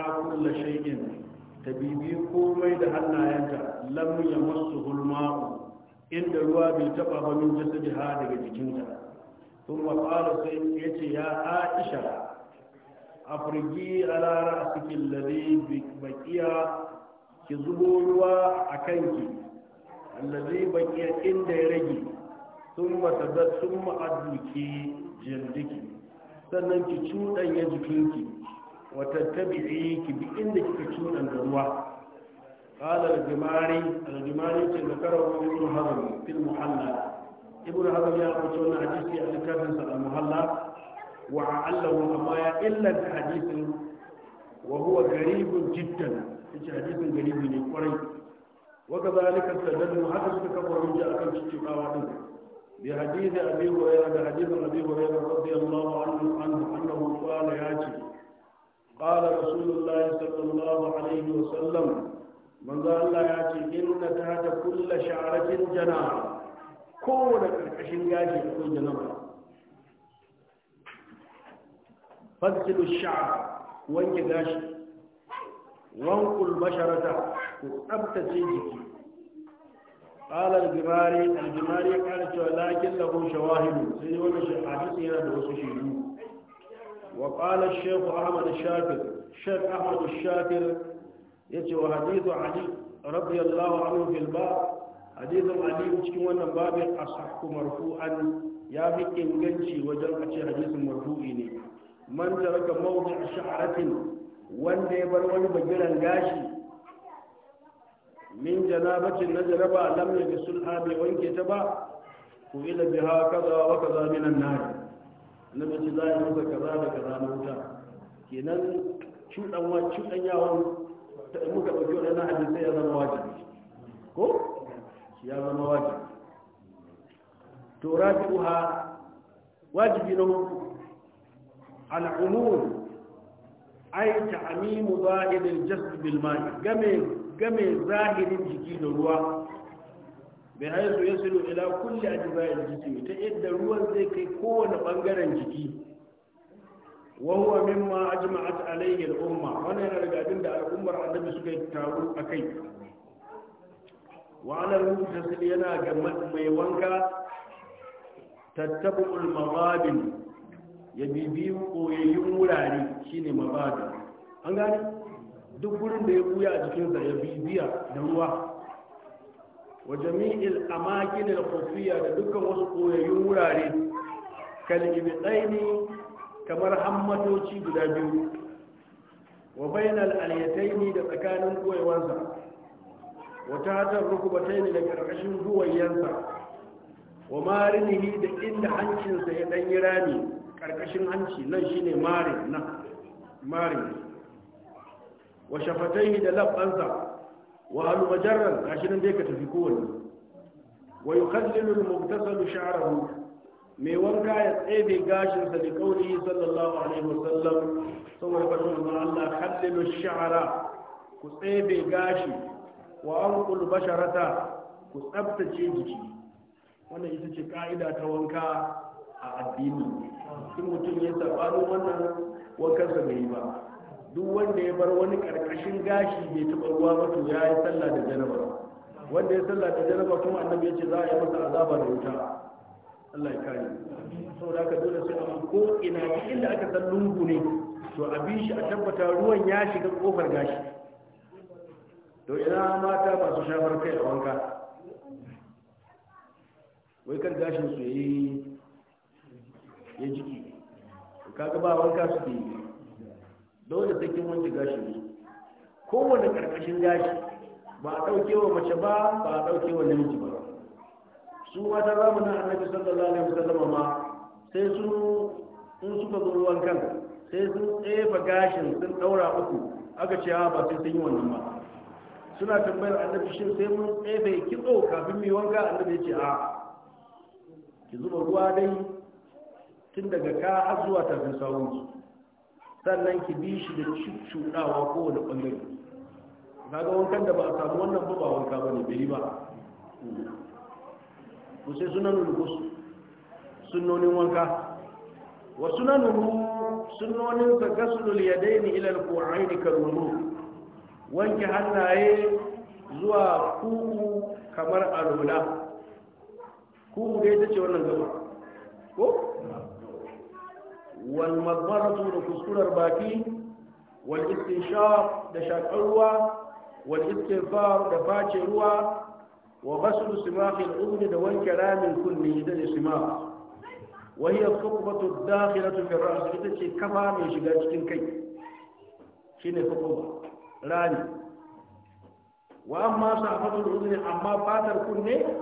ya kulle shay'in ta bibi komai da hannayenta lam ya masu hulma'u inda ruwa bai taba ba min jasadiha daga jikinta sun maƙala sai ya ce ya aisha a firgi a lara a cikin lade bakiya ki zubo ruwa a kanki allazi bakiya inda ya rage sun matazar sun ma'aduki jindiki sannan ki cuɗanya jikinki وتتبعي كبي عندك تكون عند الله قال الجماري الجماري ذكره ابن هضم في المحلى ابن هضم يقول أن حديثي عن كافر المحلى وعله أما إلا الحديث وهو غريب جدا حديث غريب قريب وكذلك استدل حدث تكبر من جاء كم تشتقى بحديث أبي هريرة بحديث أبي هريرة رضي الله عنه أنه قال يا جدي قال رسول الله صلى الله عليه وسلم من قال الله ياتي إن تحت كل شعرة جناح كون كركشن ياتي كل جناح فاغسلوا الشعر وانك غاشي وانقل بشرته وابتسي جكي قال الجماري الجماري قال لكن له شواهد سيدي وانا حديث هنا دوسو شيدو وقال Shehu أحمد الشاكر الشيخ أحمد الشاكر يتي وحديث علي رضي الله عنه في الباب حديث علي cikin wannan babin asahhu marfu'an ya fi inganci wajen a ce hadisin marfu'i ne man taraka mawdi'a sha'ratin wanda ya bar wani bagiran gashi min janabatin na jaraba lam yabi sulha bai wanke ta ba ku ila biha kaza wa kaza minan nar namiji za a yi da kaza da kaza na wuta kenan cuɗanwa cuɗan yawon muka ɗauki waɗannan hadisai ya zama wajibi ko ya zama wajibi to uha wajibi na hudu al'umur ai ta'amimu zahiril jasd bil ma'i game game zahirin jiki da ruwa bai haizu ya sulu ila kulli ajza'il jismi ta yadda ruwan zai kai kowane bangaren jiki wa huwa mimma ajma'at alayhi al-umma wannan yana daga abin da al'ummar annabi suka taru akai wa ala al-mutasil yana ga mai wanka tattabu al-mabadin ya bibiyu wurare shine mabadin an gane duk gurin da ya buya a jikinsa ya bibiya da ruwa wa jami'il amakin al-khufiyya da dukkan wasu koyayyun wurare kal ibtaini kamar hammatoci guda biyu wa bainal alyataini da tsakanin koyawansa wa tahtar rukbataini da karkashin duwayansa wa marinihi da inda hancinsa ya dan rami karkashin hanci nan shine marin nan marin wa shafatai da labbansa wa halu majarran gashi nan dai ka tafi kowanne wa yukhallilu al-mubtasalu sha'rahu mai wanka ya tsebe gashin sa da kauli sallallahu alaihi sallam? saboda fadin manzon Allah khallilu sha'ra ku tsebe gashi wa anqul basharata ku tsabtace jiki wannan ita ce ka'ida ta wanka a addini in mutum ya sabano wannan wankansa bai yi ba duk wanda ya bar wani karkashin gashi bai taɓa ruwa ba to ya yi sallah da janaba wanda ya sallah da janaba kuma annabi ya ce za a yi masa azaba da wuta Allah ya kare saboda aka dole sai a ko ina duk inda aka san lungu ne to a bi shi a tabbata ruwan ya shiga kofar gashi to ina mata masu shafar kai a wanka wai kan gashin su yayi ya jiki kaga ba wanka su ke yi dole sai kin wanke gashin ki kowane karkashin gashi ba a dauke wa mace ba ba a dauke wa namiji ba su zamu na annabi sallallahu alaihi wasallam ma sai su in suka zo ruwan kan sai sun tsefa gashin sun daura uku aka ce ah, ba sai sun yi wannan ba suna tambayar annabi shin sai mun tsefe kitso kafin mai wanka annabi ya ce a ah, ki zuba ruwa dai tun daga ka har zuwa tafin sawun sannan ki bi shi da cuɗawa kowane ɓangare kaga wankan da ba a samu wannan ba ba wanka ba ne bai ba ku sai nuna rukus sunnonin wanka wa nuna sunnonin ka gasulul yadaini ilal al da karwulu wanke hannaye zuwa kuku kamar alola kuku dai ta ce wannan gaba ko والمضمضة لكسكولر باكي والاستنشاق دشاك عروة والاستغفار دفاتش عروة وغسل سماق الأذن دوان كلام كله دل سماق وهي الثقبة الداخلة في الرأس إتشي كما من شجاج كي شين ثقبة راني وأما صحفة الأذن أما باتر كله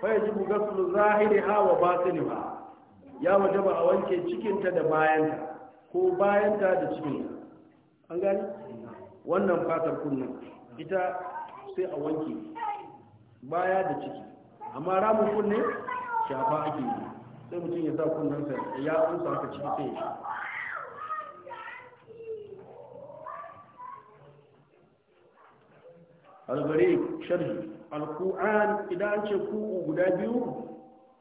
فيجب غسل ظاهرها وباطنها ya wajaba a wanke cikinta da bayanta ko bayanta da cikinta an gani wannan fatar kunnu. ita sai a wanke baya da ciki amma ramin kunne shafa ake yi sai mutum ya sa kunnansa ya amsa haka ciki sai ya sha albari sharhi alku'an idan an ce ku guda biyu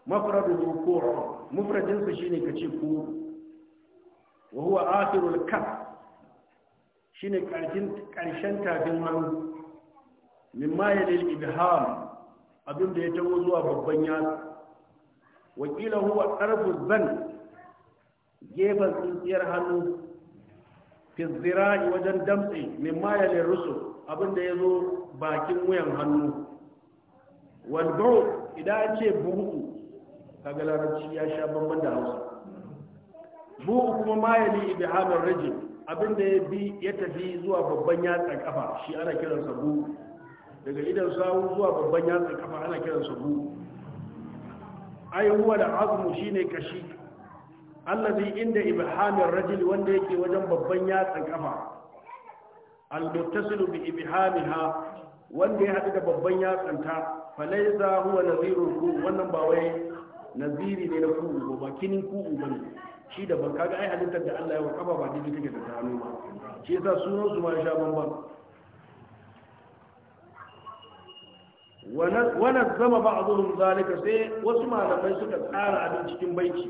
mafradu ruku'u mufradinsa shine ka ce ku wa huwa akhirul kaf shine karshen karshen tafin hannu min yalil ibham abin da ya tawo zuwa babban yatsa wakila huwa tarfu zan gefen tsintsiyar hannu fi zira'i wajen damtse min yalil rusu abin da ya zo bakin wuyan hannu wal idan ce buhu kaga larabci ya sha bamban da hausa bu kuma mayali ibihamar rajin abinda ya bi ya tafi zuwa babban yatsan kafa shi ana kiransa bu daga idan sawu zuwa babban yatsan kafa ana kiran kiransa bu ai huwa da azmu shine kashi allazi inda ibhamir rajul wanda yake wajen babban yatsan kafa al-muttasilu bi ibhamiha wanda ya hadu da babban yatsanta falaysa huwa nadhirul ku wannan ba wai naziri ne na ku'u ba bakinin ku ba ne shi da ban kaga ai halittar da Allah ya wa kafa ba daidai take da ta ba shi yasa sunan su ma sha bamban wa ba ba'dhum zalika sai wasu malamai suka tsara abin cikin baiti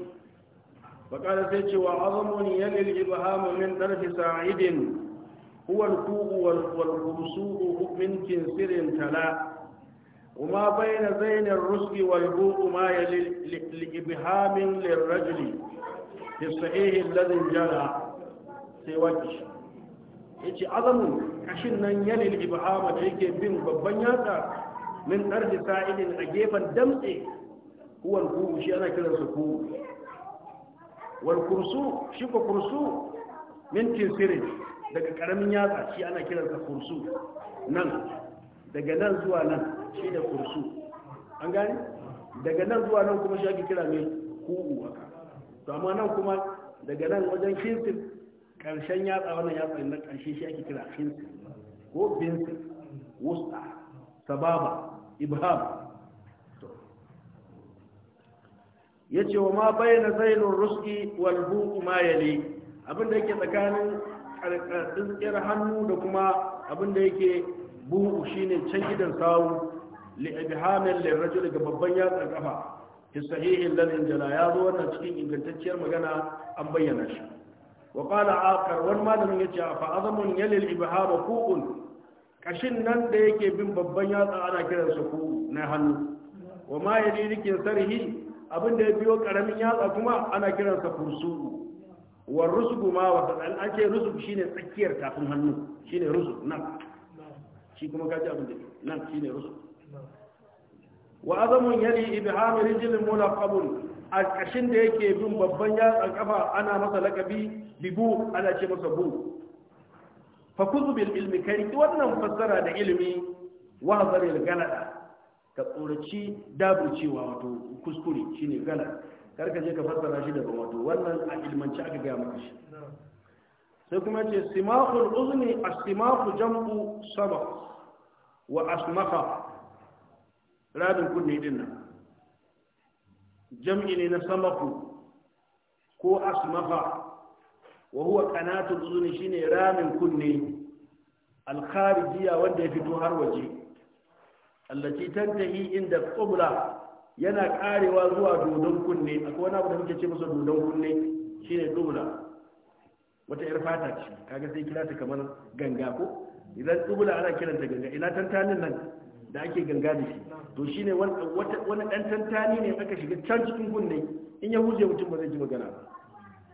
فقال سيتي وعظم min darfi sa'idin huwa al هو wal والخرسوء min كنسر tala. وما بين زين الرزق والبوء ما يلي لإبهام للرجل في الصحيح الذي جرى sai waki ya ce azamin kashin nan yanin ibahama da yake bin babban yatsa min ɗarfi sa'idin a gefen damtse kuwan kuhu shi ana kiran su kuhu wal kursu shi ko kursu min tinsirin daga ƙaramin yatsa shi ana kiran sa kursu nan daga nan zuwa nan shi da kursu an gani daga nan zuwa nan kuma shi kira mai ku'u ka? to amma nan kuma daga nan wajen kinsin karshen yatsa wannan yatsa na karshe shi ake kira kinsin ko binsin wusta sababa ibham ya ce wa ma bayyana zainun ruski wal buku ma yali abinda yake tsakanin tsirkiyar hannu da kuma abinda yake buhu shine can gidan sawu li ibhamin lil rajul babban yatsa kafa fi sahihin lal injala ya zo wannan cikin ingantacciyar magana an bayyana shi wa qala akar wani malamin yace fa azamun yalil ibham kuqun kashin nan da yake bin babban yatsa ana kiransa ku na hannu wa ma yalilikin sarhi abin da ya biyo karamin yatsa kuma ana kiransa fursu wa rusbu ma wa an ce rusub shine tsakiyar tafin hannu shine rusub nan shi kuma gaji abin da nan shi ne rusu wa azamun yali ibhami rijlin mulaqabun a kashin da yake bin babban yatsan kafa ana masa lakabi bibu ana ce masa bu fa kuzu bil ilmi kai wannan fassara da ilimi wa zaril galada ka tsoraci daburcewa wato kuskure shine galada kar ka je ka fassara shi daga wato wannan a ilmanci aka gaya maka shi sai kuma ce simakul uzni asimaku jam'u sama wa asmaka rabin kunne din nan jam'i ne na samaku ko asmaka wa huwa qanatul uzni shine ramin kunne al-kharijiyya wanda ya fito har waje allati tantahi inda qubla yana karewa zuwa dodon kunne akwai wani abu da muke ce masa dodon kunne shine qubla wata yar fata ce kaga sai kira ta kamar ganga ko idan tubula ana kiranta ganga ina tantanin nan da ake ganga da shi to shine wani dan tantani ne aka shiga can cikin kunne in ya huje mutum ba zai ji magana ba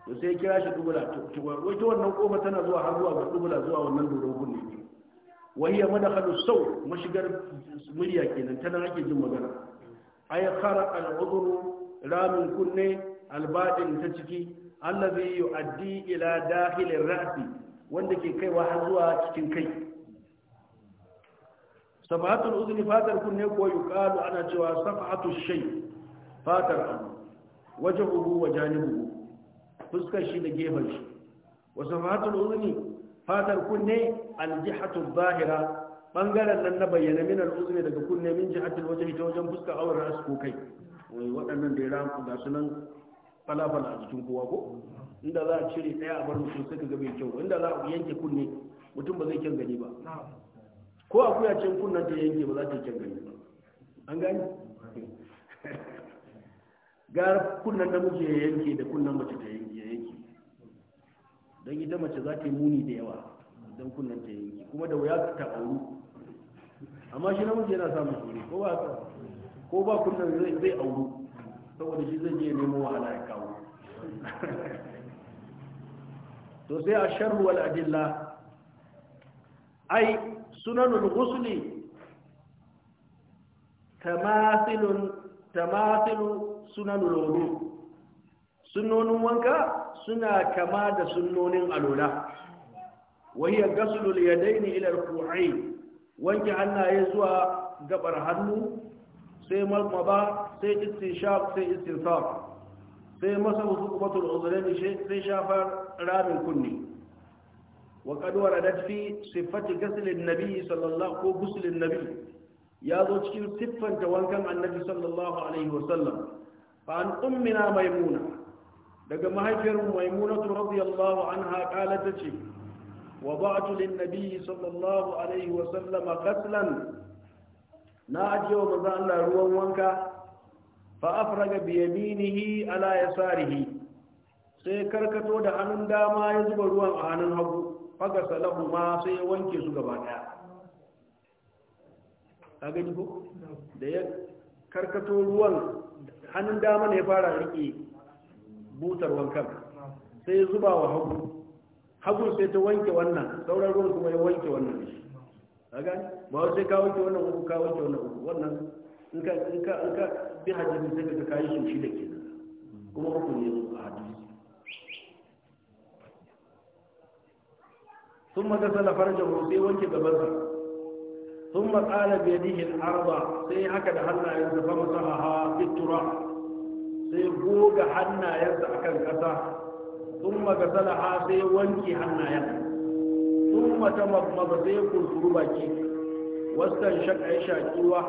to sai kira shi tubula to wata wannan kofa tana zuwa har zuwa ga tubula zuwa wannan doron kunne wahiya madakhalu sau mashigar murya kenan tana ake jin magana ay khara al-udhru ramin kunne albadin ta ciki allazi yu'addi ila ar ra'si wanda ke kaiwa har zuwa cikin kai safatul udhni fatar kunne ko yuqalu ana cewa safatu shay fatar wajhuhu wa janibuhu fuskar shi da gefen shi wa safatul udhni fatar kunne aljihatu zahira bangaren nan na bayyana min al-udhni daga kunne min jihatul wajhi ta wajen fuska awar rasu ko kai wai waɗannan da ya ku ga sunan falafala a jikin kowa ko inda za a cire ɗaya a bar mutum sai ka ga bai kyau inda za a yanke kunne mutum ba zai kyan gani ba ko a kuya cin kunnen ta yanke ba za ta kyan gani ba an gani gara kunnen namiji ya yanke da kunnen mace ta yanke don ita mace za ta yi muni da yawa don kunnen ta yanke kuma da wuya ta auru amma shi namiji yana samun shuri ko ba kunnen zai auru saboda shi zai je nemo wahala ya kawo to sai a sharru wal adilla ai sunanul ghusli tamathilun tamathilu sunanul wudu sunnonin wanka suna kama da sunnonin alola wahiya gasulul yadaini ila al-ku'ayn wanke hannaye zuwa gabar hannu sai malmaba sai istinshaf sai istinshaf sai masa wasu kumatul uzurin sai shafar ramin kunni wa kaduwa da fi siffati gasilin nabi sallallahu ko gusilin nabi ya zo cikin siffanta wankan annabi sallallahu alaihi wasallam fa an ummina maimuna daga mahaifiyar maimuna radiyallahu anha kala ta ce wa ba'tu lin nabi sallallahu alaihi wasallam qatlan na ajiyo manzo Allah ruwan wanka fa'afraga biyaminihi ala ya sarihi sai karkato da hannun dama ya zuba ruwan a hannun hagu faga salahu ma sai ya wanke su gaba daya a gani ko da ya karkato ruwan hannun dama ne ya fara rike butar wankan sai ya zuba wa hagu hagu sai ta wanke wannan sauran ruwan kuma ya wanke wannan a gani ba sai ka wanke wannan uku ka wanke wannan uku wannan in ka sai hadisi sai ka kayi su da kenan kuma uku ne a hadisi ثم غسل فرجه سي wanke gabansa matsala biya بيده arba sai haka da hannayen zafa masaha fi fitura sai goga hannayensa akan kasa ثم غسلها sai wanke hannayen mata تمضمض sai kurkuru baki wasan shaka ya shakiwa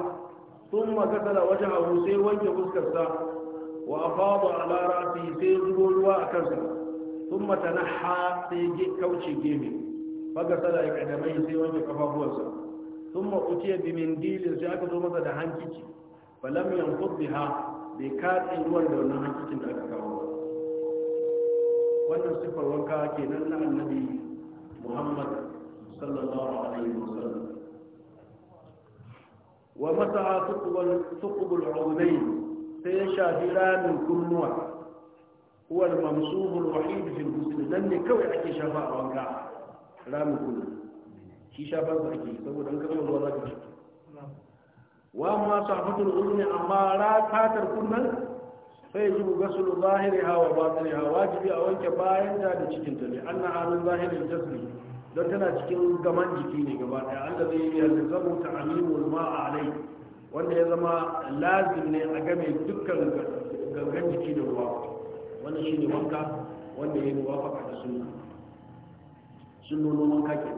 sun makasala wajen abu sai wanke fuskarsa wa afadu ala rafi sai zubo ruwa a kansa sun ha sai kauce gefe fagasala ya kadamai sai wanke kafafuwarsa sun makuciya bimindilin sai aka zo masa da hankici falam yanfud ha bai katse ruwan da wannan hankicin da aka kawo ba wannan siffar wanka kenan na annabi muhammad sallallahu alaihi wasallam ومتى ثقب العودين سيشا هلال نوع هو الممسوح الوحيد في المسلم لن كوي أكي شفاء وقع لا مكنا شي شفاء أكي سبو دنك الله لك وأما صحبة الغلم أما لا تاتر كنا فيجب غسل ظاهرها وباطنها واجب أو أنك باين ذلك تشكنت لأنها من ظاهر الجسم don tana cikin gaman jiki ne gaba daya allah zai yi yanzu zamu ta amimul ma alai wanda ya zama lazim ne a game dukkan gangan jiki da ruwa shi ne wanka wanda ya yi muwafaka da sunna sunnonin wanka ke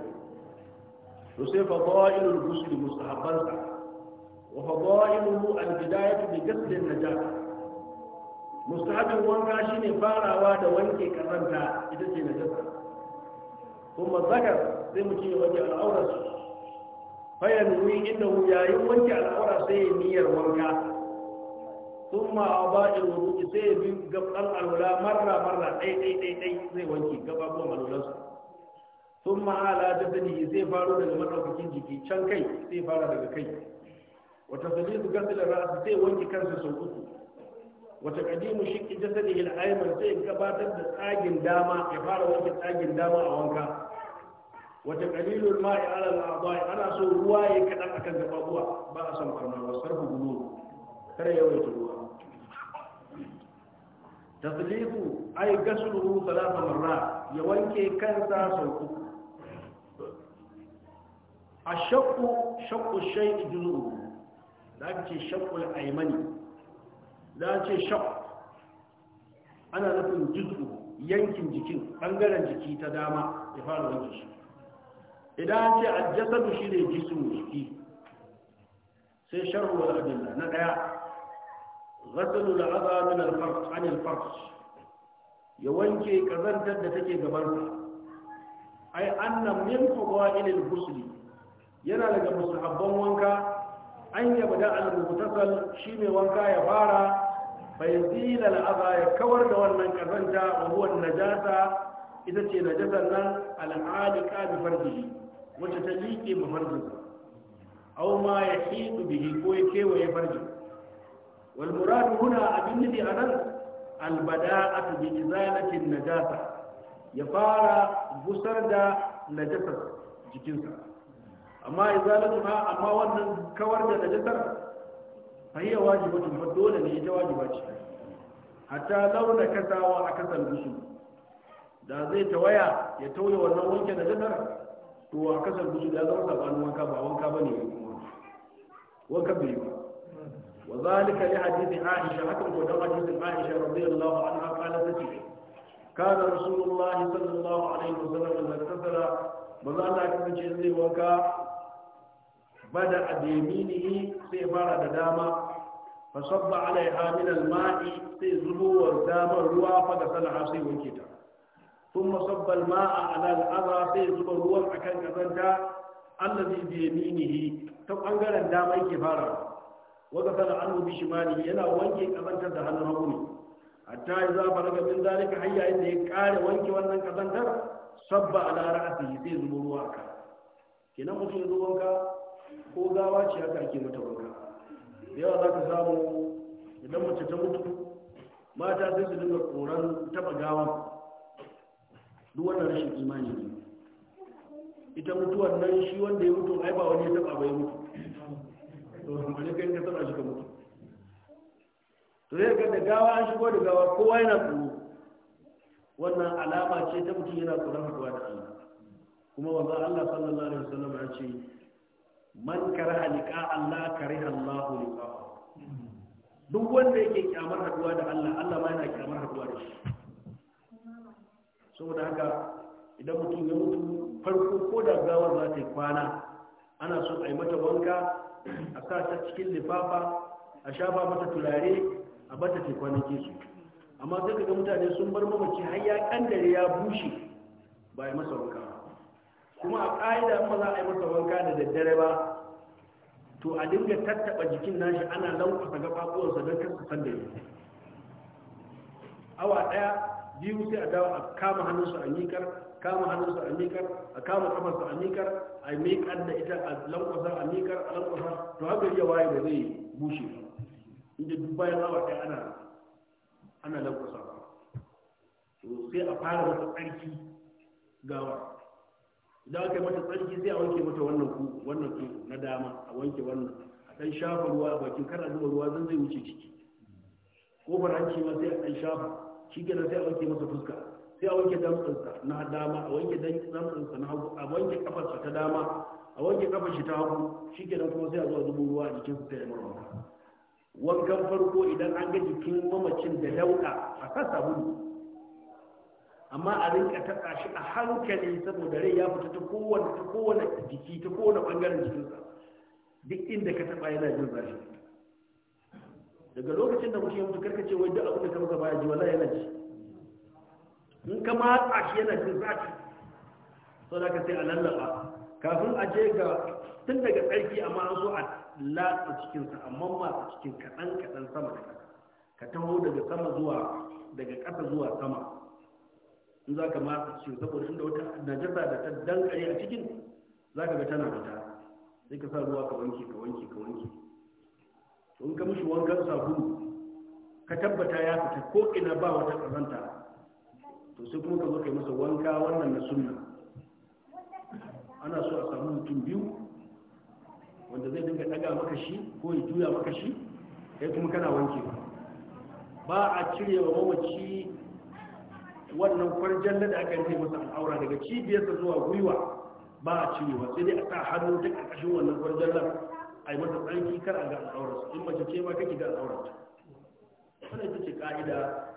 to sai fa fa'ilul ghusl mustahabbansa wa fada'iluhu al-bidayatu bi ghusl an-najasa mustahabin wanka shi ne farawa da wanke karanta ita ce na najasa kuma zakar zai mutum ya wanke al'aurarsu. su fayan wuri inda yayin wanke al'aura sai ya niyyar wanka sun ma'aba in wuri, sai ya bi gaban alwala marra marra ɗai ɗai ɗai ɗai zai wanke gababuwan alwalansu sun ma'ala da zanihi zai faru daga maɗaukakin jiki can kai zai fara daga kai wata su salisu da ra'asu sai wanke kansa sau uku wata kadimu shi ki jasadi il ayman sai gabatar da tsagin dama ya fara wanke tsagin dama a wanka wata ma ma'i ala al-a'dha'i ana so ruwa ya a kan gababuwa ba a san farma wa sarfu gulu kare yawaita ruwa taslifu ay gasluhu thalatha marrat ya wanke kansa sau uku ashaqqu shaqqu shay'i juzu'u da ake shaqqu al-aymani da ce shaq ana nufin juz'u yankin jikin bangaren jiki ta dama ya fara wanke shi idan an ce aljasadu shi ne jisun jiki sai sharhu wal abinda na ɗaya. ghaslu al adha min al farj an al ya wanke kazantar da take gaban sa ai anna min fawaid al ghusl yana daga musahabban wanka an yabda al mutasal shine wanka ya fara فيزيل الأذى يكور دون من كفنجا وهو النجاسة إذا تي نجاسة العالقة بفرده وتتليك بفرده أو ما يحيط به كويك ويفرده والمراد هنا أبنتي أنا البداءة بإزالة النجاسة يفار بسرد نجاسة جكنسا أما إزالتها أما وأن كور نجاسة fahiyya wajibatun ba dole ne ita wajiba ce hatta launa kasawa a kasar gushu da zai tawaya ya tauye wannan wanke da jasar to a kasar gushu da zama sabanin wanka ba wanka ba ne kuma wanka bai ba wa zalika li hadithi aisha hakan ko da hadisin aisha radiyallahu anha qala tace kana rasulullah sallallahu alaihi wasallam da tasara manzo Allah ya kace zai wanka bada ademini sai fara da dama fasabba alaiha min mai sai zubowa damar ruwa fa da sana'a sai wanke ta thumma sabba Ma'a ala al'adha sai zuba ruwan akan kazanta allazi bi yaminihi ta bangaren dama yake fara wanda kana an bi shimali yana wanke kazantar da hannun hagu ne hatta ya zaba daga min zalika hayya inda ya ƙare wanke wannan kazantar sabba ala ra'sihi sai zuba ruwa ka kenan mutum ya zo wanka ko gawa ce haka ake mata wanka yawa za ka samu idan mace ta mutu mata sai su dinga koran taba gawa duk wannan rashin imani ne ita mutuwar nan shi wanda ya mutu ai ba wani ya taba bai mutu to ne kai ka taba shi ka mutu to sai ga da gawa an shigo da gawa kowa yana tsoro wannan alama ce ta mutum yana tsoron haɗuwa da Allah kuma wanzan Allah sallallahu alaihi wasallam ya ce man karaha liqa Allah kare Allah liqa duk wanda yake kyamar haduwa da Allah Allah ma yana kyamar haduwa da shi saboda haka idan mutum ya mutu farko ko da gawar za ta yi kwana ana so a yi mata wanka a sa ta cikin lifafa a shafa mata turare a bata ta kwanaki su amma sai kaga mutane sun bar mamaci har ya kandare ya bushe ba ya masa wanka kuma a ƙa'ida ba za a yi masa wanka da daddare ba to a dinga tattaɓa jikin nashi ana lankwasa gaɓaɓuwansa don kasa san da yi awa ɗaya biyu sai a dawo a kama hannunsu a miƙar kama hannunsu a miƙar a kama kafarsa a miƙar a miƙar da ita a lankwasa a miƙar a lankwasa to haka iya waye da zai bushe inda duk bayan awa ɗaya ana ana lankwasa sai a fara masa tsarki gawa idan aka yi mata tsarki sai a wanke mata wannan ku wannan ku na dama a wanke wannan a dan shafa ruwa a bakin kar a zuba ruwa zan zai wuce ciki kofar hanci ma sai a dan shafa shi kenan sai a wanke masa fuska sai a wanke damtsansa na dama a wanke damtsansa na hagu a wanke kafarsa ta dama a wanke kafar shi ta hagu shi kenan kuma sai a zo a zubo ruwa a jikin sai ya mara wankan farko idan an ga jikin mamacin da dauda a kan sabulu amma a rinka taɓa shi a hankali saboda rai ya fita ta kowane ta kowane jiki ta kowane ɓangaren jikinsa duk inda ka taɓa yana jin zafi daga lokacin da mutum ya mutu karka ce wai duk abin da ka masa baya ji wala yana ji in ka matsa shi yana jin zafi sau da ka sai a lallaba kafin a je ga tun daga tsarki amma an so a latsa cikinsa amma matsa cikin kaɗan kaɗan sama da ka taho daga sama zuwa daga ƙasa zuwa sama in za ka ma ce saboda inda wata najasa da ta dankare a cikin za ka ga tana fita sai ka sa ruwa ka wanke ka wanke ka wanke to in ka mishi wankan sabulu ka tabbata ya fita ko ina ba wata kazanta to sai kuma ka zo kai masa wanka wannan na sunna ana so a samu mutum biyu wanda zai dinga daga maka shi ko ya juya maka shi kai kuma kana wanke ba a cire wa mamaci wannan farjan da aka yi masa al'aura daga cibiyar cibiyarsa zuwa gwiwa ba a ba sai dai a sa hannu a ƙarƙashin wannan nan, a yi masa tsanki, kar a ga al'aurarsa in mace ce ma kake ga al'aurarta wannan ita ce ƙa'ida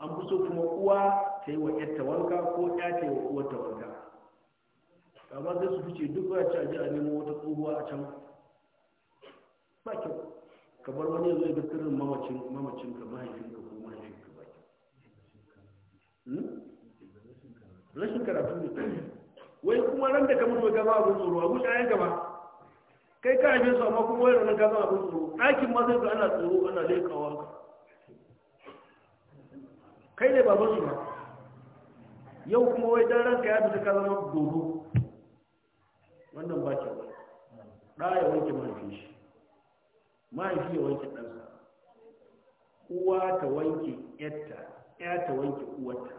an fi so kuma uwa ta yi wa ƴarta wanka ko ƴa ta yi wa uwarta wanka amma sai su fice duk ba ci a ji a nemo wata tsohuwa a can ba kyau kamar wani yanzu ya ga mamacin mamacin ka mahaifinka Hmm? rashin karatu ne wai kuma ran da ka mutu ka zama abin tsoro a ayan gaba kai ka haife su amma kuma wai ran ka zama abin tsoro ɗakin ma zai ana tsoro ana lekawa ka kai ne baban su ba yau kuma wai dan ranka ya fita ka zama dodo wannan ba kyau ba ya wanke mahaifin shi mahaifi ya wanke ɗansa uwa ta wanke yatta ta wanke uwarta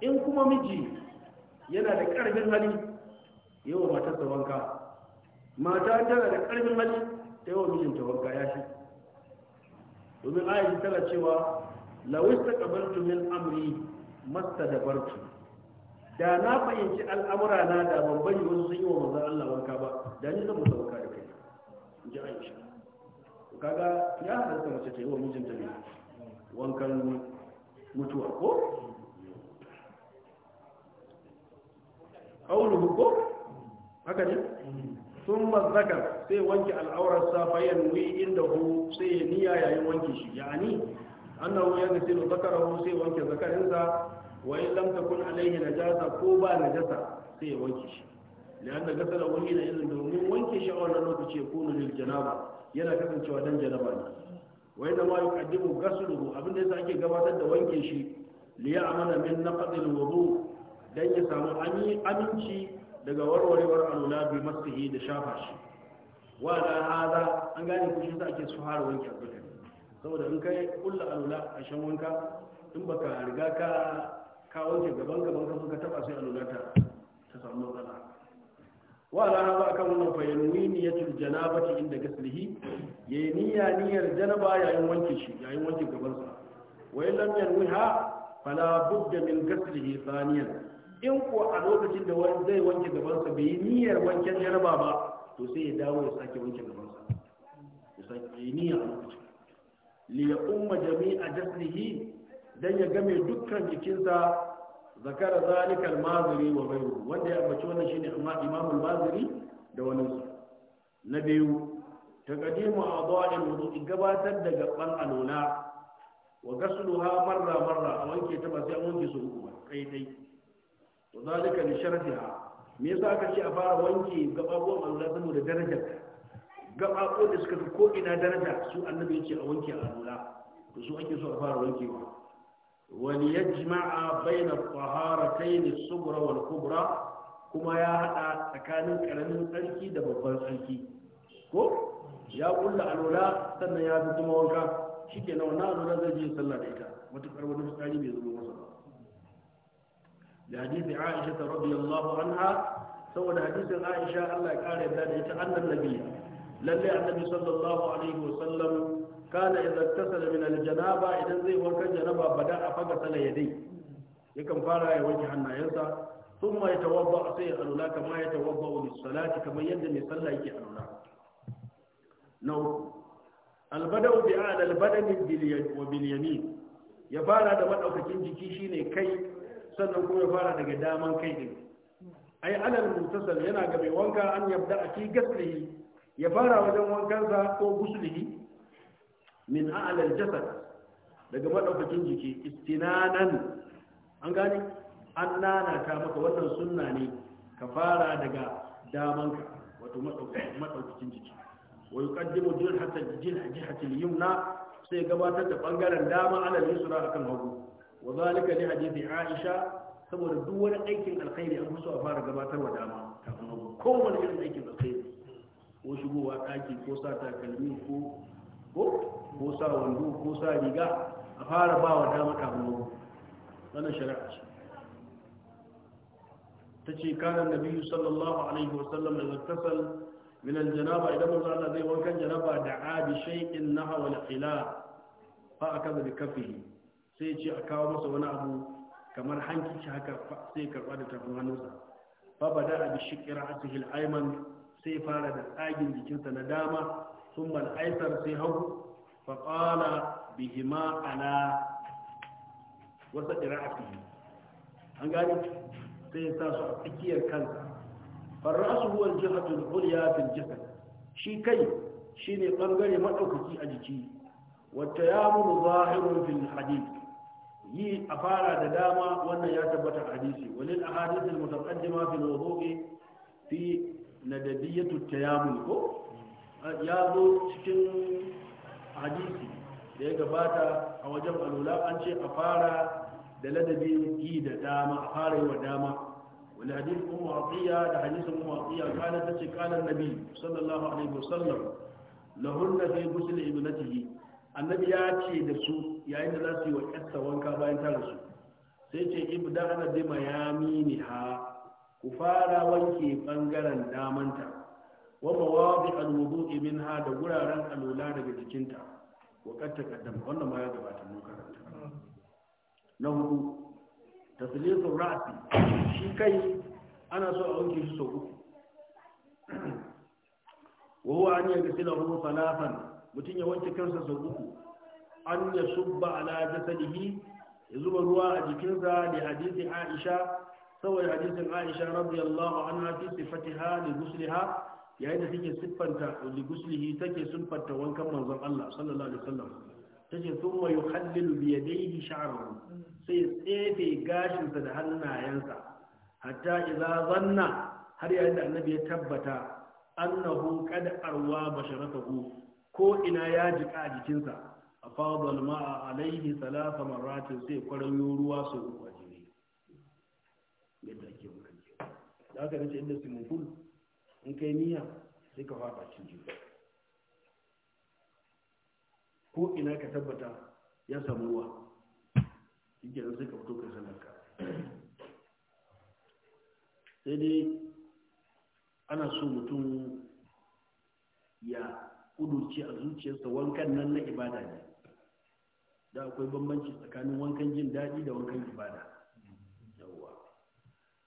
in kuma miji yana da ƙarfin hali yawa matarsa wanka mata tana da ƙarfin hali ta yawa mijinta wanka ya shi domin ayyaci tana cewa lawista ƙabaltu min amri masta da bartu da na fahimci al'amura na da ban bari wasu sun yi wa manzan Allah wanka ba da ni zan musa wanka da kai in ji aisha kaga ya halatta mace ta yi wa mijinta ne wankan mutuwa ko auluhu ko haka ne sun mazakar sai wanke safa bayan wi inda hu sai ya niya yayin wanke shi yani annahu ya ga sai hu sai wanke zakarinsa wa in lam takun alaihi jasa ko ba na jasa sai ya wanke shi lianna da wani na irin domin wanke shi a wannan lokaci ya kunu lil janaba yana kasancewa dan janaba ne wai da ma yuqaddimu ghasluhu abin da yasa ake gabatar da wanke shi li amana min naqdil wudu dan ya samu aminci daga warwarewar alula bi masihi da shafa shi wa la hada an gane ku shi yasa ake su fara wanke abukan saboda in kai kulla alula a shan wanka in baka riga ka ka wanke gaban gaban ka taba sai alula ta ta samu matsala wa ala hada akan wannan fa yanwi niyatul janabati inda gaslihi yayi niyya niyyar janaba yayin wanke shi yayin wanke gaban sa wa in lam yanwiha fala budda min gaslihi thaniyan in ko a lokacin da wani zai wanke gabansa bai yi niyyar wanken janaba ba to sai ya dawo ya sake wanke gabansa. sa ya sake niyya a lokacin li ya umma jami'a jaslihi dan ya game dukkan jikinsa Zakarar zalikal maziri wa ghayru wanda ya ambaci wannan shine amma imamul maziri da wani na biyu taqdimu adwa'il wudu'i gabatar da gaban alula wa ghasluha marra marra a wanke ta ba sai an wanke su uku ba kai dai wa zalika me yasa ka ce a fara wanke gababuwan alula saboda darajar gababo ko ina daraja su annabi ya a wanke alula to su ake so a fara wankewa وليجمع بين الطهارتين الصغرى والكبرى كما يا هذا تكانن كرمن سلكي ده babban sarki ko ya kulla alwala sannan ya bi kuma wanka shikenan wannan alwala zai je sallah da ita matukar wani fitsari bai zubo masa ba da hadisi Aisha radiyallahu anha saboda hadisin Aisha Allah ya kare da ita annabi lalle annabi sallallahu kana idan tasala min aljanaba idan zai wanka janaba bada a faga sala yadai yakan fara ya wanke hannayensa thumma yatawadda sai alula kama yatawadda lis salati kama yadda mai sallah yake alula na albada'u bi ala albadani bil yamin ya fara da madaukakin jiki shine kai sannan kuma ya fara daga daman kai din ai alal muttasal yana ga mai wanka an yabda a fi gaslihi ya fara wajen wankansa ko guslihi min a'lal jasad daga madaukakin jiki istinanan an gane an nanata maka wannan sunna ne ka fara daga damanka wato madaukakin jiki wa yuqaddimu jihata jihati al-yumna sai gabatar da bangaren dama alal yusra akan hagu wa zalika li hadithi aisha saboda duk wani aikin alkhairi an musu a fara gabatarwa dama kafin hagu kowane irin aikin alkhairi ko shigowa ɗaki ko sa takalmi ko ko sa wando ko sa riga a fara ba wa dama kamun wuri wannan shari'a ce ta ce kanan nabi sallallahu alaihi wa sallam da wattasal min aljanaba idan mazu Allah zai wankan janaba da abi shaikin na hawa na ila fa a kaza da kafin sai ce a kawo masa wani abu kamar hankici shi haka sai karba da tafin hannunsa fa ba da abi shikira a cikin sai fara da tsagin jikinsa na dama ثم الأيسر سيهو فقال بهما على وسط رأسه أنقال سيساس أكي الكنز فالرأس هو الجهة العليا في الجسد شي كي شي نقنقل مدعوكي أجيكي والتيامن ظاهر في الحديث yi a fara da dama wannan ya tabbata a hadisi walil ahadith al mutaqaddima fil wudu'i fi nadadiyyat at tayammum ko ya zo cikin hadisi da ya gabata a wajen alula an ce a fara da ladabi, yi da dama a fara yi wa dama wani hadisi kuma waƙiya da hadisi kuma waƙiya kana ta ce kanan nabi sallallahu alaihi wasallam lahunna fi gusul ibnatihi annabi ya ce da su yayin da za su yi wa ƙasa wanka bayan ta rasu sai ce ibda ana bi mayami ha ku fara wanke bangaren damanta wa mawadi alwudu'i minha da wuraren alula daga jikinta wa qad taqaddama wannan ma ya gabata mun karanta na hudu tasliqur ra'si shi kai ana so a wanke shi sau uku wa huwa an yaghsilahu mutum ya wanke kansa sau uku an yasubba ala jasadihi ya zuba ruwa a jikinsa da hadisi Aisha saboda hadisin Aisha radiyallahu anha fi sifatiha li ghusliha yayin da take siffanta li guslihi take siffanta wankan manzon Allah sallallahu alaihi wasallam tace thumma yuhallilu bi yadayhi sha'rahu sai tsefe gashinsa da hannayensa hatta idza zanna har yayin da annabi ya tabbata annahu qad arwa basharatahu ko ina ya jika jikinsa a al-ma'a alaihi thalatha sai kwarayo ruwa sau a jini yadda ake da aka inda swimming in kai niyya sai ka fara cikin jifa ko ina ka tabbata ya samu ruwa yake nan sai ka fito kai ka. sai dai ana so mutum ya kuduce a zuciyarsa wankan nan na ibada ne da akwai bambanci tsakanin wankan jin daɗi da wankan ibada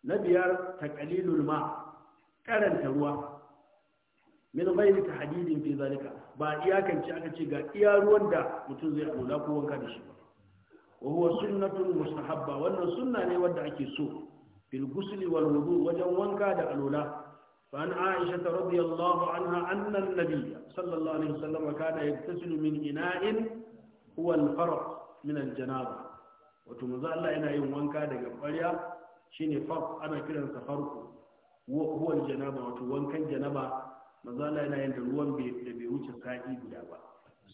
na biyar taƙalilul ma karanta ruwa min ghairi tahdidin fi zalika ba iyakance aka ce ga iya ruwan da mutum zai alula ko wanka da shi ba wa huwa sunnatun mustahabba wannan sunna ne wanda ake so bil ghusli wal wudu wajen wanka da alula fa an aisha radiyallahu anha anna an-nabiy sallallahu alaihi wasallam kana yaktasilu min ina'in huwa al-farq min al-janaba wato manzo Allah yana yin wanka daga ƙwarya shine farq ana kiransa farko huwan janaba wato wankan janaba manzo Allah yana yin da ruwan da bai wuce sa'i guda ba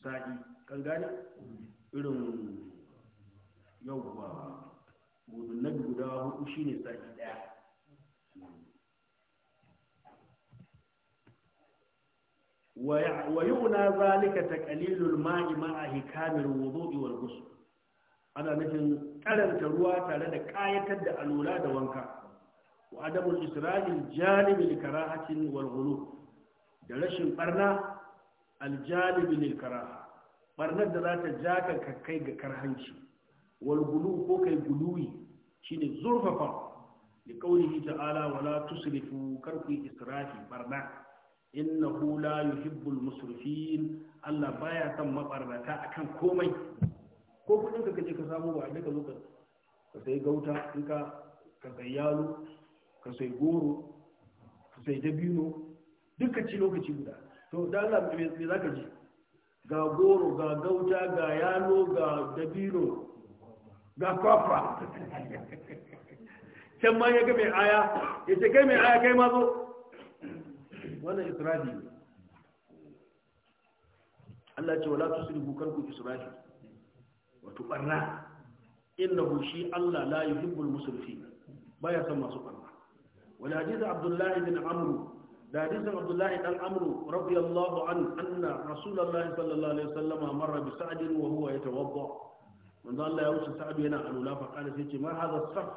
sa'i kan gane irin yawwa na guda hudu shine sa'i daya wa yuna zalika taqlilul ma'i ma'a hikamar wudu'i wal ghusl ana nufin karanta ruwa tare da kayatar da alula da wanka wa adabul isra'il janibi li karahatin wal da rashin barna al janibi lil karaha barnar da za ta jaka ka kai ga karhanci wal ghulu ko kai guluwi shine zurfafa li qawlihi ta'ala wala tusrifu karku israfi barna innahu la yuhibbul musrifin Allah baya son mabarnata akan komai ko kudin ka kaje ka samu ba duka zo ka sai gauta in ka ka ka sai goro ka sai dabino duka ci lokaci guda to da Allah me zaka ji ga goro ga gauta ga yalo ga dabino ga kwafa can ma ya ga mai aya ya ce kai mai aya kai ma zo wannan israfi Allah ce wala tusribu kanku israfi wato barna innahu shi Allah la yuhibbul musrifin baya son masu barna wal hadith abdullah ibn amr da hadisin abdullah ibn amr radiyallahu an anna rasulullahi sallallahu alaihi wasallam marra bi sa'd wa huwa yatawadda manzo Allah ya wuce sa'd yana alula fa qala sai ce ma hadha saf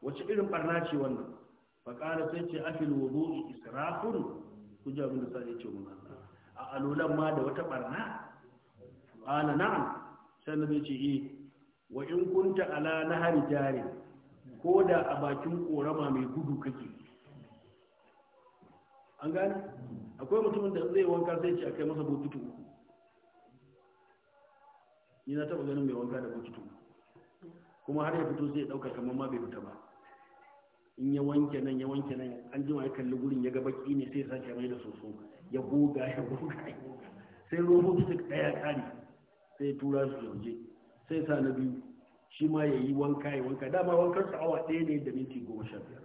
wace irin barna ce wannan fa qala sai ce afil wudu'i israfun kuja abin da sai ce mun Allah a alulan ma da wata barna qala na'am sai nabi ce eh wa in kunta ala nahari jarin ko da a bakin korama mai gudu kake an gane akwai mutumin da zai wanka zai ce a kai masa bututu uku ni na taɓa ganin mai wanka da bututu kuma har ya fito sai ya ɗauka kamar ma bai fita ba in ya wanke nan ya wanke nan an jima ya kalli gurin ya ga baki ne sai ya sake mai da soso ya goga ya goga sai robobi su ɗaya kare sai tura su yauje sai sa na biyu shi ma ya yi wanka ya wanka dama wankan sa awa ɗaya ne da minti goma sha biyar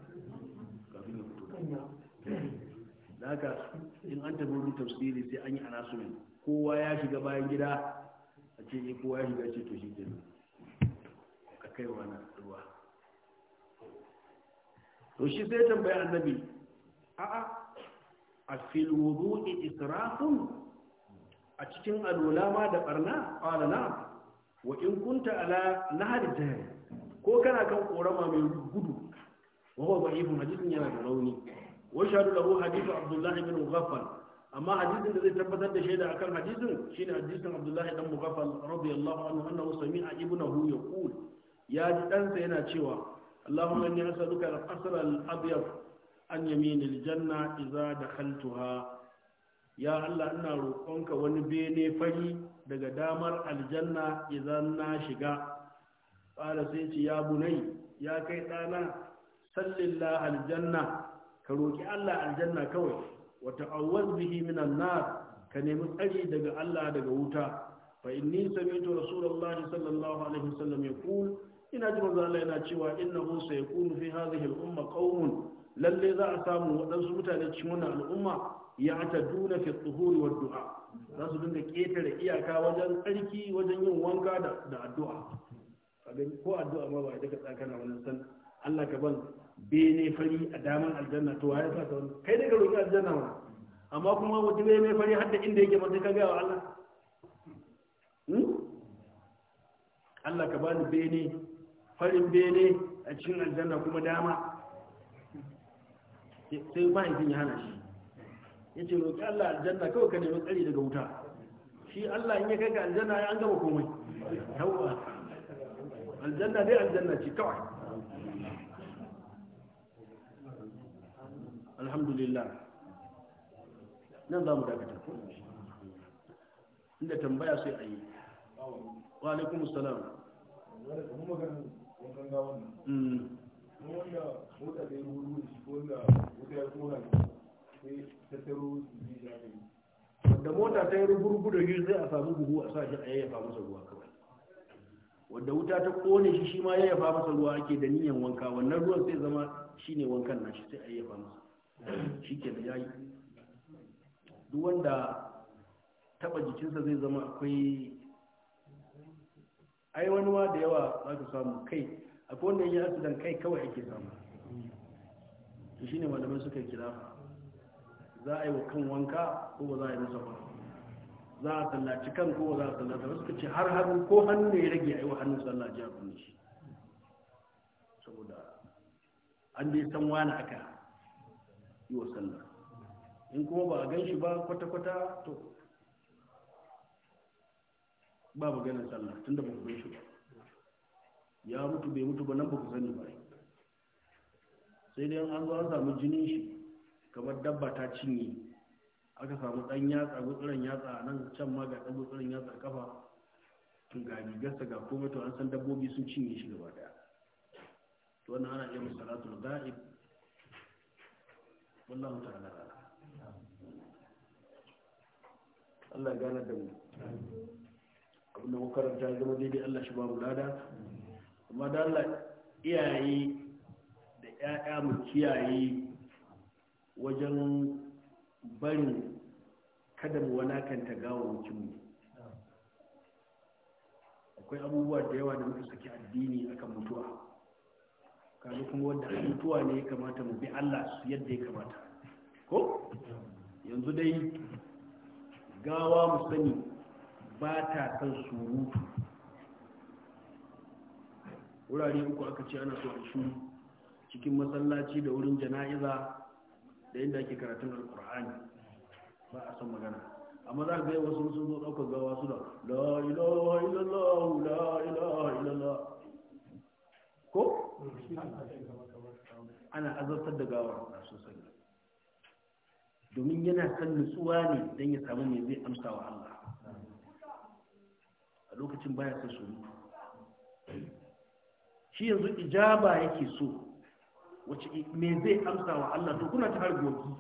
kafin ya fito da haka in an tafi wani tafsiri sai an yi anasumin kowa ya shiga bayan gida a ce ne eh, kowa ya shiga ce to shi kenan a wa na ruwa to shi sai tambaya annabi a'a a fil wudu'i israfun a cikin alwala ma da barna qala wa in kunta ala nahar jahil ko kana kan korama mai gudu wa huwa hadisin yana da rauni wa shahadu lahu hadisu abdullahi bin mughaffal amma hadisin da zai tabbatar da shaida akan hadisin shine hadisin abdullahi dan mughaffal radiyallahu anhu annahu sami'a ibnahu yaqul ya ji ɗansa yana cewa Allahumma inni as'aluka al-asra al-abyad an yamin al-janna idza dakhaltuha ya Allah ina roƙonka wani bene fari daga damar aljanna idan na shiga ƙwada sai ce ya bunai ya kai ɗana sallillah aljanna ka roƙi allah aljanna kawai wata awwaz bihi minan na ka nemi tsari daga allah daga wuta fa inni sami'tu rasulullahi sallallahu alaihi wasallam yaqul ina ji manzo Allah yana cewa innahu sayakunu fi ya al-umma qaumun lalle za a samu waɗansu mutane cikin wannan al'umma ya ta duna fi tsuhuri wa du'a za su dinga ƙetare iyaka wajen tsarki wajen yin wanka da addu'a ko addu'a ma ba ya daga tsakana wannan san Allah ka ban bene fari a daman aljanna to waye sa ta wani kai daga roƙi aljanna ma amma kuma wata bene fari hadda inda yake mata ka gaya wa Allah hmm? Allah ka bani bene farin bene a cikin aljanna kuma dama sai mahaifin ya hana shi ya ce roƙi Allah aljanna kawai ka nemi tsari daga wuta shi Allah in ya kai ka aljanna ya an gama komai yawa aljanna dai aljanna ce kawai alhamdulillah nan za mu dakata inda tambaya sai a yi wa alaikum salam hmm. wanda wanda wanda mota ta yi rubu-rubu da yi sai a samu buhu a sa shi a yayyafa masa ruwa kawai wanda wuta ta kone shi shi ma yayyafa masa ruwa ake da niyan wanka wannan ruwan sai zama shi ne wankan nashi sai a yayyafa masa shi ke da yayi duk wanda taba jikinsa zai zama akwai ai wani ma da yawa za ka samu kai akwai wanda ya yi asidan kai kawai ake samu shi ne malamai suka kira za a yi wa kan wanka ko ba za a yi masa ba za a sallaci kan ko za a sallaci wasu kace har hannu ko hannu ne ya rage a yi wa hannun sallah jiya kunne shi saboda an dai san wani aka yi wa sallah in kuma ba a gan shi ba kwata-kwata to ba ganin sallah tunda ba ku gan shi ba ya mutu bai mutu ba nan ba ku sani ba sai dai an zo an samu jinin shi kamar dabba ta cinye aka samu ɗan yatsa gutsuran yatsa a nan can ma ga ɗan yatsa kafa ga rigarsa ga komai to an san dabbobi sun cinye shi gaba daya to wannan ana iya musu salatul ga'ib wallahu ta'ala Allah ya gana da mu abin da ranta ya zama daidai Allah shi ba mu lada amma da Allah iyaye da ƴaƴa mu kiyaye wajen barin kada mu walakanta gawawakin mu akwai abubuwa da yawa da muka saki addini akan mutuwa kaji kuma wanda mutuwa ne ya kamata mu bi Allah yadda ya kamata ko yanzu dai gawa mu sani ba ta kan surutu wurare uku aka ce ana so a cikin masallaci da wurin jana'iza da yadda ake karatun alkur'ani ba a son magana amma za ga wasu sun zo ɗaukar gawa suna la ilaha illallah la ilaha illallah ko ana azabtar da gawa a sosai domin yana kan nutsuwa ne don ya samu mai zai amsa wa Allah a lokacin baya sai su shi yanzu ijaba yake so wace me zai amsa wa Allah to kuna ta har gobe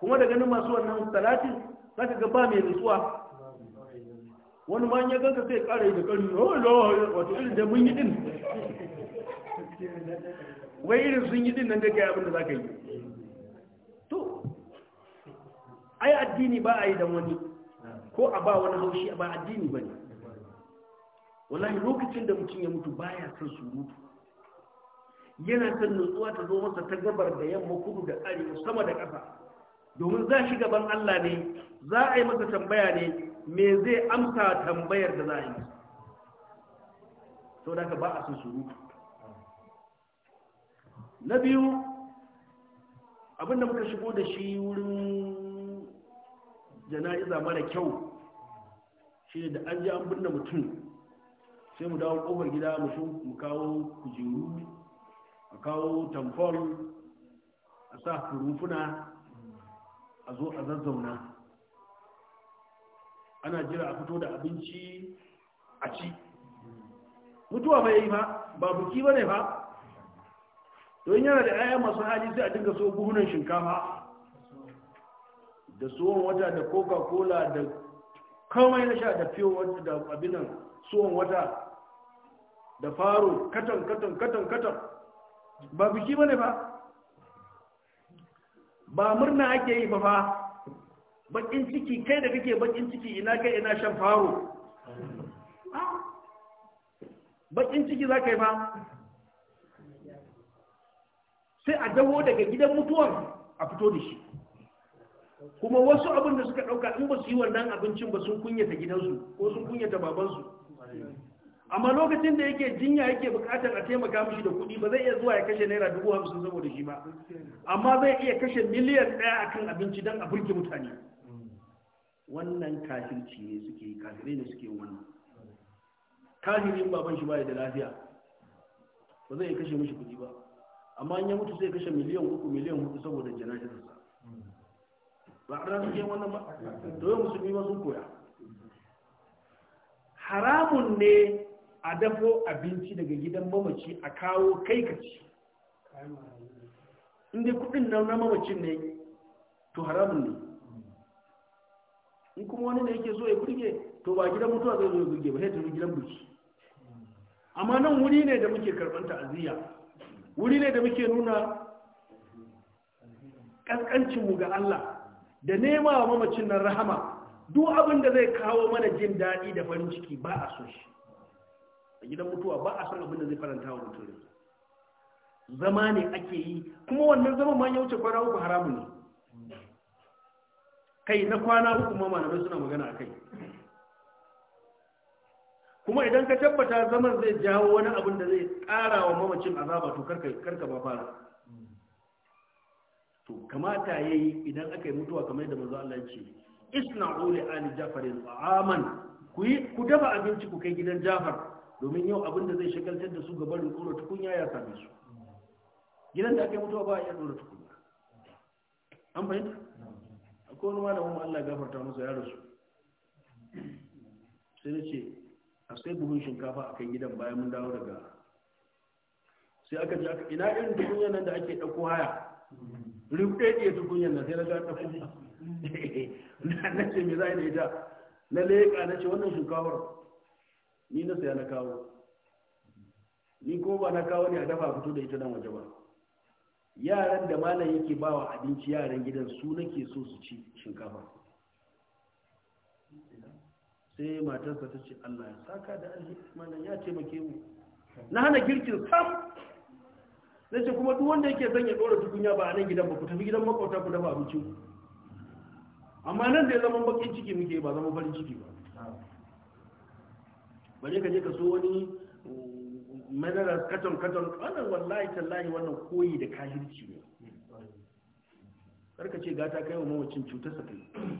kuma da ganin masu wannan salatin za ka gaba mai nutsuwa wani ma ya ganka sai kare da kari oh lo wato irin da mun yi din wai irin sun yi din nan ga kai abin da zaka yi to ai addini ba a yi da wani ko a ba wani haushi ba addini bane wallahi lokacin da mutum ya mutu baya son surutu yana kan nutsuwa ta zo masa ta gabar da yamma kudu da arewa sama da ƙasa domin za shi gaban Allah ne za a yi masa tambaya ne me zai amsa tambayar da za a yi sau da ba a son surutu na biyu abinda muka shigo da shi wurin jana'iza mara kyau shi da an ji an binne mutum sai mu dawo ƙofar gida mu kawo kujeru a kawo tamfol a sa furufuna a zo a zazzauna ana jira a fito da abinci a ci mutuwa bai yi ba ba buki ba ne ba don yana da 'ya'ya masu hali sai a dinga so buhunan shinkafa da tsohon wata da coca-cola da kawai na sha da fiye wata da abinan tsohon wata da faro katon katon katon katon ba biki bane ba ba murna ake yi ba fa bakin ciki kai da kake bakin ciki ina kai ina shan faro bakin ciki za ka yi sai a dawo daga gidan mutuwar a fito da shi kuma wasu abin da suka ɗauka in ba su yi wannan abincin ba sun kunyata gidansu ko sun kunyata babansu amma lokacin da yake jinya yake bukatar a taimaka mishi da kuɗi ba zai iya zuwa ya kashe naira dubu hamsin saboda shi ba amma zai iya kashe miliyan ɗaya kan abinci don a burge mutane wannan kafirci ne suke yi kafirai ne suke wannan kafirin baban shi baya da lafiya ba zai iya kashe mishi kuɗi ba amma in ya mutu sai kashe miliyan uku miliyan hudu saboda jana'izarsa ba a ranar suke wannan ba to yau musulmi ma sun koya haramun ne a dafo abinci daga gidan mamaci a kawo kai ka ci inda kudin na mamacin ne to haramun ne in kuma wani da yake so ya kurge to ba gidan mutuwa zai zo ya kurge ba sai tafi gidan buki amma nan wuri ne da muke karban aziya wuri ne da muke nuna ƙasƙancinmu ga Allah da nema wa mamacin nan rahama duk abin da zai kawo mana jin daɗi da farin ciki ba a so shi a gidan mutuwa ba a san abin da zai faranta wa mutum zama ne ake yi kuma wannan zama ma ya wuce kwana uku haramun ne kai na kwana uku ma malamai suna magana a kai kuma idan ka tabbata zaman zai jawo wani abin da zai kara wa mamacin azaba to karka ba fara to kamata ya yi idan aka yi mutuwa kamar yadda mazu Allah ce isna'u li ali jafarin ta'aman ku dafa abinci ku kai gidan jafar domin yau abin da zai shagaltar da su ga barin ɗora tukunya ya same su gidan da ake mutuwa ba a iya ɗora tukunya an fahimta akwai wani Allah gafarta masa ya rasu sai da ce a sai buhun shinkafa a kan gidan bayan mun dawo daga sai aka ji aka ina irin tukunyar nan da ake ɗauko haya rikɗaɗe tukunyar nan sai na ga ɗauko na ce me za a yi da ita na leƙa na ce wannan shinkafar. ni na saya na kawo ni ko ba na kawo ne a dafa fito da ita nan waje ba yaran da malam yake ba wa abinci yaran gidan su nake so su ci shinkafa sai matarsa ta ce Allah ya saka da alheri malam ya taimake mu na hana girkin sam na ce kuma duk wanda yake son ya dora tukunya ba a nan gidan ba ku tafi gidan makwauta ku dafa abincin amma nan da ya zama bakin ciki muke ba zama farin ciki ba bari ka je ka so wani mm, madara katon katon wannan wallahi tallahi wannan koyi da kahirci ne karka ce gata kai wa mawacin cutar sa kai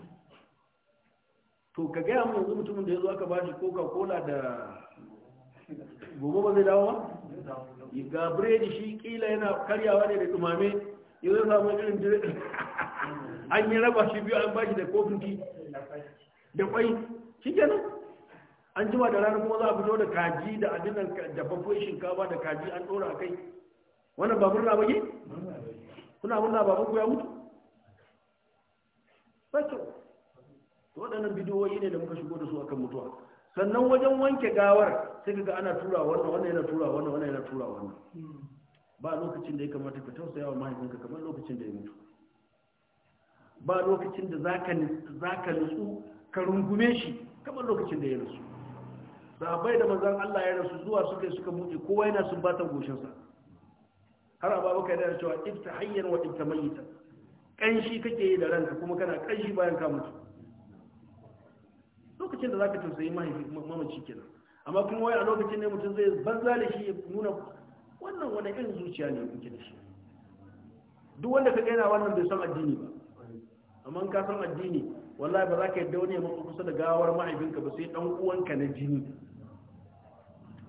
to ka gaya mun yanzu mutumin da ya zo aka ba shi coca cola da gobe ba zai dawo ba ga biredi shi kila yana karyawa ne da dumame ya zai samu irin dire an yi raba shi biyu an ba shi da kofin ki da kwai shi kenan an jima da ranar kuma za a fito da kaji da abin nan dafaffen shinkafa da kaji an dora kai wannan babur na bage? kuna murna babur ku ya mutu ba To waɗannan bidiyoyi ne da muka shigo da su akan mutuwa sannan wajen wanke gawar sai kaga ana tura wannan wannan yana tura wannan wannan yana tura wannan ba lokacin da ya kamata ka tausaya wa mahaifinka kamar lokacin da ya mutu ba lokacin da zaka zaka nutsu ka rungume shi kamar lokacin da ya nutsu sahabbai da mazan Allah ya rasu zuwa suka suka buɗe kowa yana sun ta goshinsa har a kai yana cewa ibtahayyan wa ibtamayyitan ƙanshi kake yi da ranka kuma kana ƙanshi bayan ka mutu lokacin da zaka tausayi mamaci kenan amma kuma wai a lokacin ne mutum zai banza da shi ya nuna wannan wani irin zuciya ne kuke da shi duk wanda ka gaina wannan bai san addini ba amma ka san addini wallahi ba za ka yi wani ya kusa da gawar mahaifinka ba sai dan uwanka na jini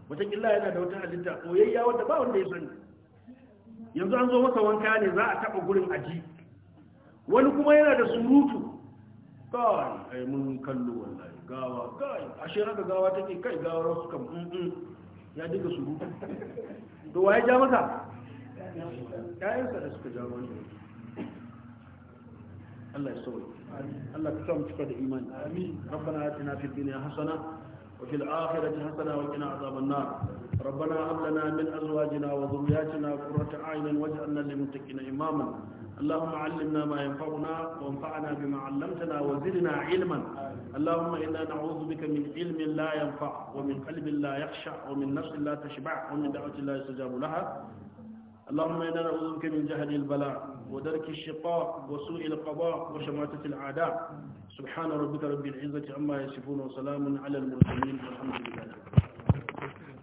wataƙila yana da wata halitta koyayya wata, ba wanda ya sani yanzu an zo masa wanka ne za a taɓa gurin aji wani kuma yana da surutu kawai ai mun kallo wallahi gawa kai ashe raka gawa take kai gawar wasu kam ya dinga surutu to waye ja masa sa da suka ja wani Allah ya sauya Allah ka samu cika da imani amin rabbana atina fid dunya hasana وفي الآخرة حسنة وقنا عذاب النار ربنا هب لنا من أزواجنا وذرياتنا قرة أعين واجعلنا للمتقين إماما اللهم علمنا ما ينفعنا وانفعنا بما علمتنا وزدنا علما اللهم إنا نعوذ بك من علم لا ينفع ومن قلب لا يخشع ومن نفس لا تشبع ومن دعوة لا يستجاب لها اللهم إنا نعوذ بك من جهل البلاء ودرك الشقاء وسوء القضاء وشماتة الأعداء سبحان ربك رب العزة عما يصفون وسلام على المرسلين والحمد لله